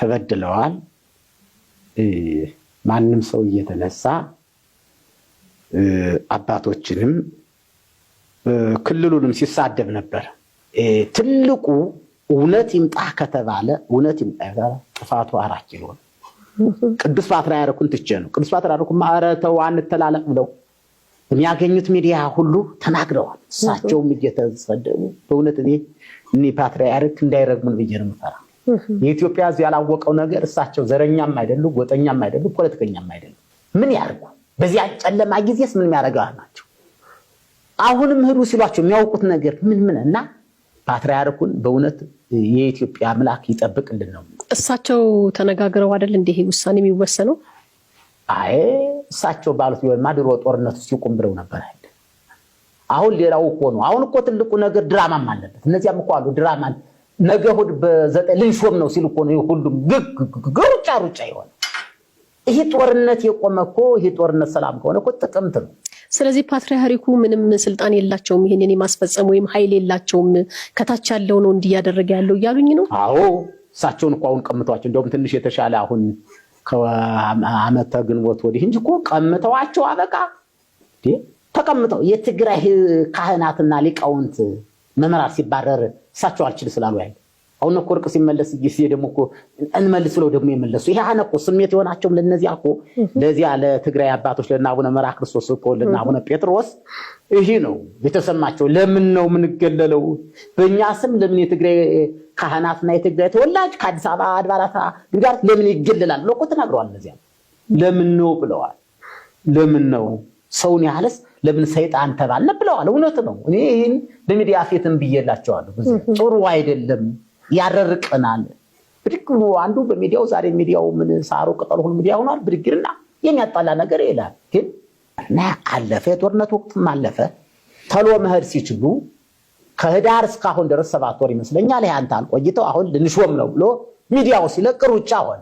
ተበድለዋል። ማንም ሰው እየተነሳ አባቶችንም ክልሉንም ሲሳደብ ነበር። ትልቁ እውነት ይምጣ ከተባለ እውነት ይምጣ ጥፋቱ አራት ኪሎ ነው። ቅዱስ ፓትርያርኩን ትቼ ነው። ቅዱስ ፓትርያርኩ ኧረ ተው አንተላለቅ ብለው የሚያገኙት ሚዲያ ሁሉ ተናግረዋል። እሳቸውም እየተሰደቡ በእውነት እኔ እኒህ ፓትርያርክ እንዳይረግሙን ብዬ ነው የምፈራ። የኢትዮጵያ ሕዝብ ያላወቀው ነገር እሳቸው ዘረኛም አይደሉ፣ ጎጠኛም አይደሉ፣ ፖለቲከኛም አይደሉ። ምን ያርጉ? በዚያ ጨለማ ጊዜስ ምን የሚያደርገው ናቸው? አሁንም ህዱ ሲሏቸው የሚያውቁት ነገር ምን ምን እና ፓትርያርኩን በእውነት የኢትዮጵያ አምላክ ይጠብቅልን ነው። እሳቸው ተነጋግረው አይደል እንዲህ ውሳኔ የሚወሰነው? አይ እሳቸው ባሉት ቢሆንማ ጦርነት ውስጥ ይቁም ብለው ነበር አይደል? አሁን ሌላው እኮ ነው። አሁን እኮ ትልቁ ነገር ድራማም አለበት። እነዚያም እኮ አሉ ድራማን ነገ እሑድ በዘጠኝ ልንሾም ነው ሲል እኮ ነው ሁሉም ግሩጫ ሩጫ ይሆን። ይህ ጦርነት የቆመ እኮ ይህ ጦርነት ሰላም ከሆነ እኮ ጥቅምት ነው። ስለዚህ ፓትሪያርኩ ምንም ስልጣን የላቸውም፣ ይህንን የማስፈጸም ወይም ኃይል የላቸውም። ከታች ያለው ነው እንዲህ ያለው እያሉኝ ነው። አዎ እሳቸውን እኮ አሁን ቀምተዋቸው እንደውም ትንሽ የተሻለ አሁን ከአመተ ግንቦት ወዲህ እንጂ እኮ ቀምተዋቸው አበቃ ተቀምጠው የትግራይ ካህናትና ሊቃውንት መምራት ሲባረር እሳቸው አልችል ስላሉ ያለ አሁን እኮ እርቅ ሲመለስ ጊዜ ደግሞ እኮ እንመልስ ብለው ደግሞ የመለሱ ይሄ አነ እኮ ስሜት የሆናቸውም ለነዚያ እኮ ለዚያ ለትግራይ አባቶች ለእነ አቡነ ክርስቶስ እኮ ለእነ አቡነ ጴጥሮስ ይሄ ነው የተሰማቸው። ለምን ነው የምንገለለው? በእኛ ስም ለምን የትግራይ ካህናትና የትግራይ ተወላጅ ከአዲስ አበባ አድባራት ግንጋር ለምን ይገለላል ብለው እኮ ተናግረዋል። እነዚያ ለምን ነው ብለዋል። ለምን ነው ሰውን ያህልስ ለምን ሰይጣን ተባለ ብለዋል። እውነት ነው። እኔ ይህን በሚዲያ ፌትም ብዬላቸዋለሁ። ጥሩ አይደለም፣ ያረርቀናል። ብድግ አንዱ በሚዲያው ዛሬ ሚዲያው ምን ሳሩ ቅጠሉ ሁሉ ሚዲያ ሆኗል። ብድግርና የሚያጣላ ነገር ይላል። ግን እና አለፈ፣ የጦርነት ወቅትም አለፈ። ተሎ መሄድ ሲችሉ ከህዳር እስካሁን ድረስ ሰባት ወር ይመስለኛል። ይህ አንተ አልቆይተው አሁን ልንሾም ነው ብሎ ሚዲያው ሲለቅ ሩጫ ሆነ።